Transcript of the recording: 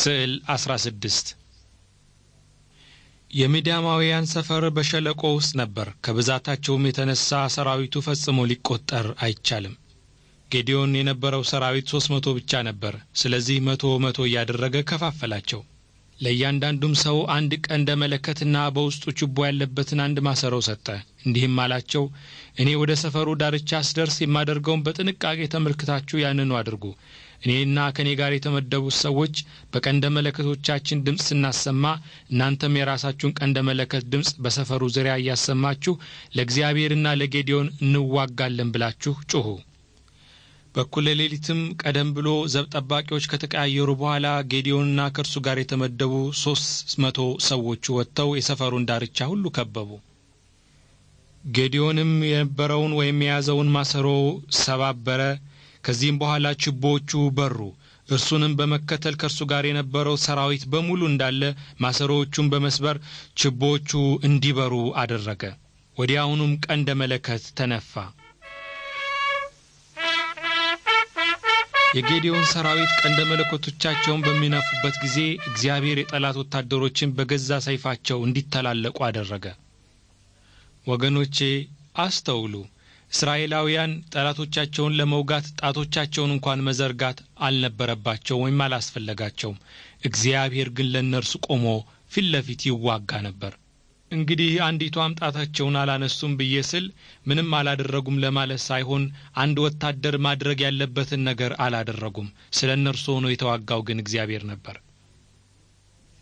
ስዕል 16 የሚዳማውያን ሰፈር በሸለቆ ውስጥ ነበር። ከብዛታቸውም የተነሳ ሰራዊቱ ፈጽሞ ሊቆጠር አይቻልም። ጌዲዮን የነበረው ሰራዊት ሦስት መቶ ብቻ ነበር። ስለዚህ መቶ መቶ እያደረገ ከፋፈላቸው። ለእያንዳንዱም ሰው አንድ ቀንደ መለከትና በውስጡ ችቦ ያለበትን አንድ ማሰሮ ሰጠ። እንዲህም አላቸው፣ እኔ ወደ ሰፈሩ ዳርቻ ስደርስ የማደርገውን በጥንቃቄ ተመልክታችሁ ያንኑ አድርጉ። እኔና ከእኔ ጋር የተመደቡት ሰዎች በቀንደ መለከቶቻችን ድምፅ ስናሰማ፣ እናንተም የራሳችሁን ቀንደ መለከት ድምፅ በሰፈሩ ዙሪያ እያሰማችሁ ለእግዚአብሔርና ለጌዲዮን እንዋጋለን ብላችሁ ጩኹ። በኩለ ሌሊትም ቀደም ብሎ ዘብ ጠባቂዎች ከተቀያየሩ በኋላ ጌዲዮንና ከእርሱ ጋር የተመደቡ ሦስት መቶ ሰዎቹ ወጥተው የሰፈሩን ዳርቻ ሁሉ ከበቡ። ጌዲዮንም የነበረውን ወይም የያዘውን ማሰሮ ሰባበረ። ከዚህም በኋላ ችቦዎቹ በሩ። እርሱንም በመከተል ከእርሱ ጋር የነበረው ሰራዊት በሙሉ እንዳለ ማሰሮዎቹን በመስበር ችቦዎቹ እንዲበሩ አደረገ። ወዲያውኑም ቀንደ መለከት ተነፋ። የጌዲዮን ሰራዊት ቀንደ መለኮቶቻቸውን በሚነፉበት ጊዜ እግዚአብሔር የጠላት ወታደሮችን በገዛ ሰይፋቸው እንዲተላለቁ አደረገ። ወገኖቼ አስተውሉ። እስራኤላውያን ጠላቶቻቸውን ለመውጋት ጣቶቻቸውን እንኳን መዘርጋት አልነበረባቸው ወይም አላስፈለጋቸውም። እግዚአብሔር ግን ለእነርሱ ቆሞ ፊት ለፊት ይዋጋ ነበር። እንግዲህ አንዲቱ አምጣታቸውን አላነሱም ብዬ ስል ምንም አላደረጉም ለማለት ሳይሆን አንድ ወታደር ማድረግ ያለበትን ነገር አላደረጉም። ስለ እነርሱ ሆኖ የተዋጋው ግን እግዚአብሔር ነበር።